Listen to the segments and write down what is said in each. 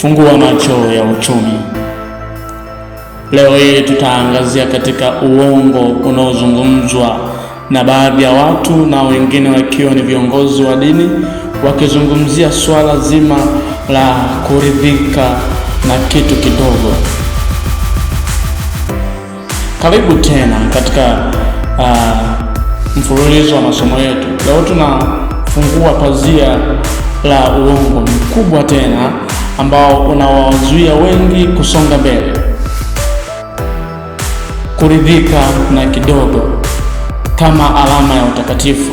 Fungua macho ya uchumi. Leo hii tutaangazia katika uongo unaozungumzwa na baadhi ya watu na wengine wakiwa ni viongozi wa dini, wakizungumzia swala zima la kuridhika na kitu kidogo. Karibu tena katika uh, mfululizo wa masomo yetu. Leo tunafungua pazia la uongo mkubwa tena ambao unawazuia wengi kusonga mbele. Kuridhika na kidogo kama alama ya utakatifu.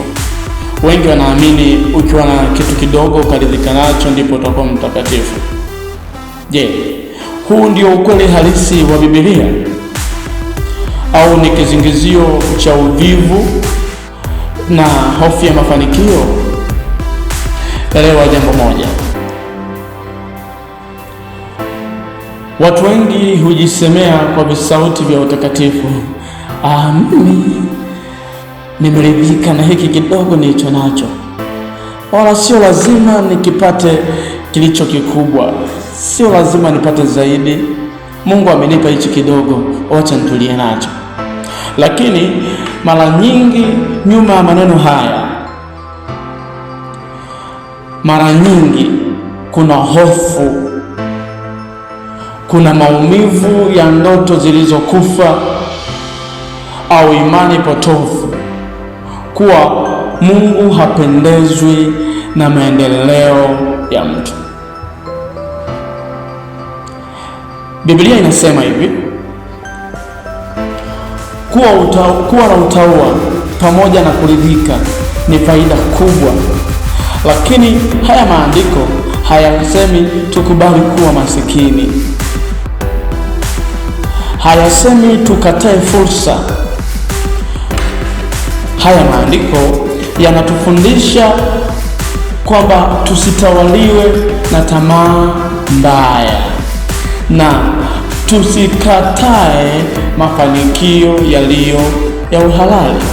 Wengi wanaamini ukiwa na kitu kidogo ukaridhika nacho ndipo utakuwa mtakatifu. Je, huu ndio ukweli halisi wa Biblia au ni kizingizio cha uvivu na hofu ya mafanikio? Elewa jambo moja. Watu wengi hujisemea kwa visauti vya utakatifu, ah, mimi nimeridhika na hiki kidogo nilicho nacho, wala sio lazima nikipate kilicho kikubwa, sio lazima nipate zaidi. Mungu amenipa hichi kidogo, wacha nitulie nacho. Lakini mara nyingi nyuma ya maneno haya, mara nyingi kuna hofu kuna maumivu ya ndoto zilizokufa au imani potofu kuwa Mungu hapendezwi na maendeleo ya mtu. Biblia inasema hivi kuwa, uta, kuwa na utaua pamoja na kuridhika ni faida kubwa, lakini haya maandiko hayasemi tukubali kuwa masikini hayasemi tukatae fursa. Haya maandiko yanatufundisha kwamba tusitawaliwe na tamaa mbaya na tusikatae mafanikio yaliyo ya uhalali.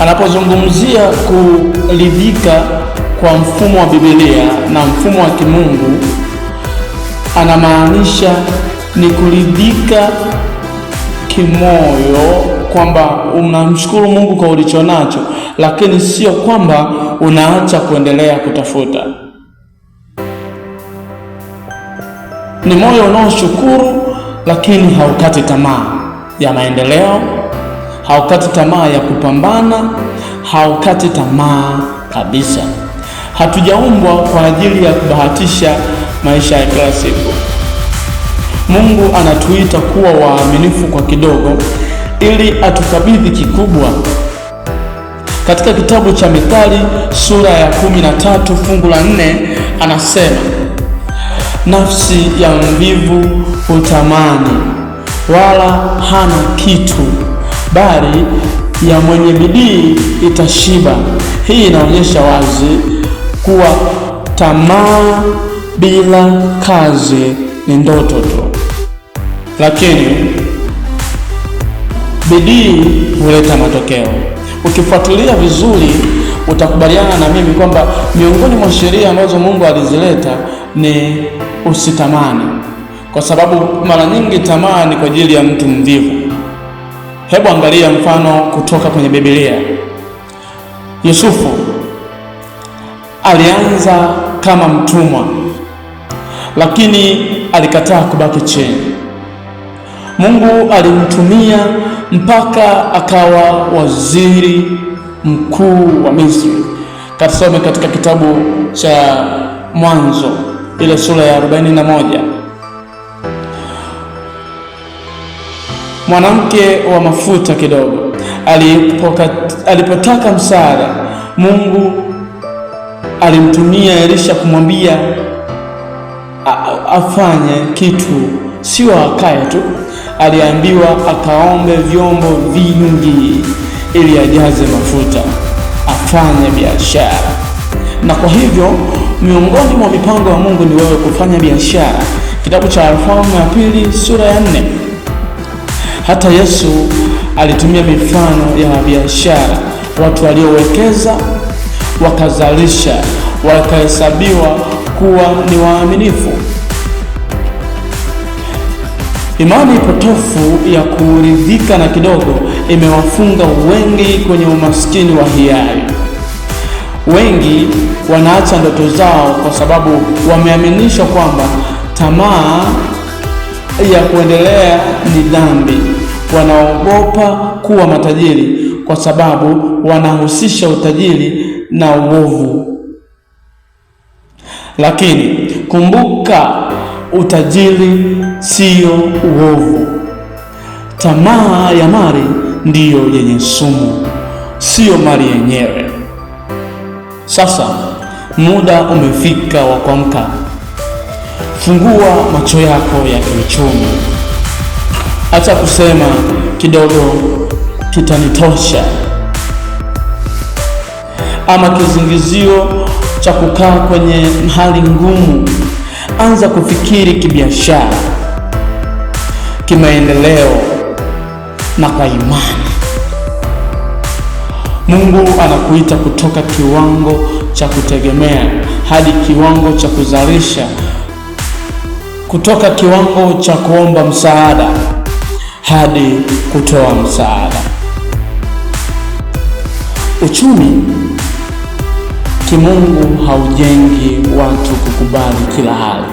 Anapozungumzia kuridhika kwa mfumo wa Biblia na mfumo wa kimungu anamaanisha ni kuridhika kimoyo kwamba unamshukuru Mungu kwa ulichonacho, lakini sio kwamba unaacha kuendelea kutafuta. Ni moyo unaoshukuru lakini haukati tamaa ya maendeleo, haukati tamaa ya kupambana, haukati tamaa kabisa. Hatujaumbwa kwa ajili ya kubahatisha maisha ya kila siku. Mungu anatuita kuwa waaminifu kwa kidogo ili atukabidhi kikubwa. Katika kitabu cha Mithali sura ya 13 fungu la 4 anasema, nafsi ya mvivu hutamani wala hana kitu, bali ya mwenye bidii itashiba. Hii inaonyesha wazi kuwa tamaa bila kazi ni ndoto tu lakini bidii huleta matokeo. Ukifuatilia vizuri, utakubaliana na mimi kwamba miongoni mwa sheria ambazo Mungu alizileta ni usitamani, kwa sababu mara nyingi tamaa ni kwa ajili ya mtu mvivu. Hebu angalia mfano kutoka kwenye Biblia. Yusufu alianza kama mtumwa, lakini alikataa kubaki chini Mungu alimtumia mpaka akawa waziri mkuu wa Misri. Kasome katika kitabu cha Mwanzo ile sura ya 41. Mwanamke wa mafuta kidogo alipotaka msaada, Mungu alimtumia Elisha kumwambia afanye kitu, sio akae tu aliambiwa akaombe vyombo vingi ili ajaze mafuta afanye biashara. Na kwa hivyo miongoni mwa mipango ya Mungu ni wewe kufanya biashara. Kitabu cha Wafalme ya pili sura ya nne. Hata Yesu alitumia mifano ya biashara, watu waliowekeza wakazalisha, wakahesabiwa kuwa ni waaminifu. Imani potofu ya kuridhika na kidogo imewafunga wengi kwenye umaskini wa hiari. Wengi wanaacha ndoto zao kwa sababu wameaminishwa kwamba tamaa ya kuendelea ni dhambi. Wanaogopa kuwa matajiri kwa sababu wanahusisha utajiri na uovu. Lakini kumbuka utajiri siyo uovu. Tamaa ya mali ndiyo yenye sumu, siyo mali yenyewe. Sasa muda umefika wa kuamka. Fungua macho yako ya kiuchumi. Acha kusema kidogo kitanitosha, ama kizingizio cha kukaa kwenye hali ngumu anza kufikiri kibiashara, kimaendeleo na kwa imani. Mungu anakuita kutoka kiwango cha kutegemea hadi kiwango cha kuzalisha, kutoka kiwango cha kuomba msaada hadi kutoa msaada. Uchumi kimungu haujengi watu kukubali kila hali,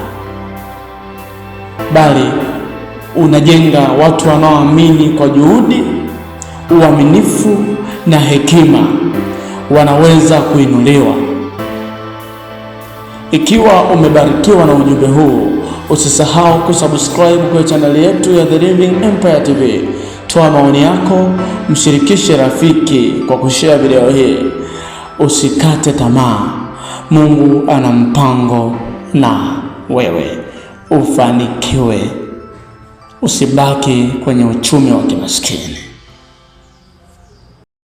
bali unajenga watu wanaoamini kwa juhudi, uaminifu na hekima wanaweza kuinuliwa. Ikiwa umebarikiwa na ujumbe huu, usisahau kusubscribe kwenye chaneli yetu ya The Living Empire TV. Toa maoni yako, mshirikishe rafiki kwa kushare video hii. Usikate tamaa. Mungu ana mpango na wewe ufanikiwe, usibaki kwenye uchumi wa kimaskini.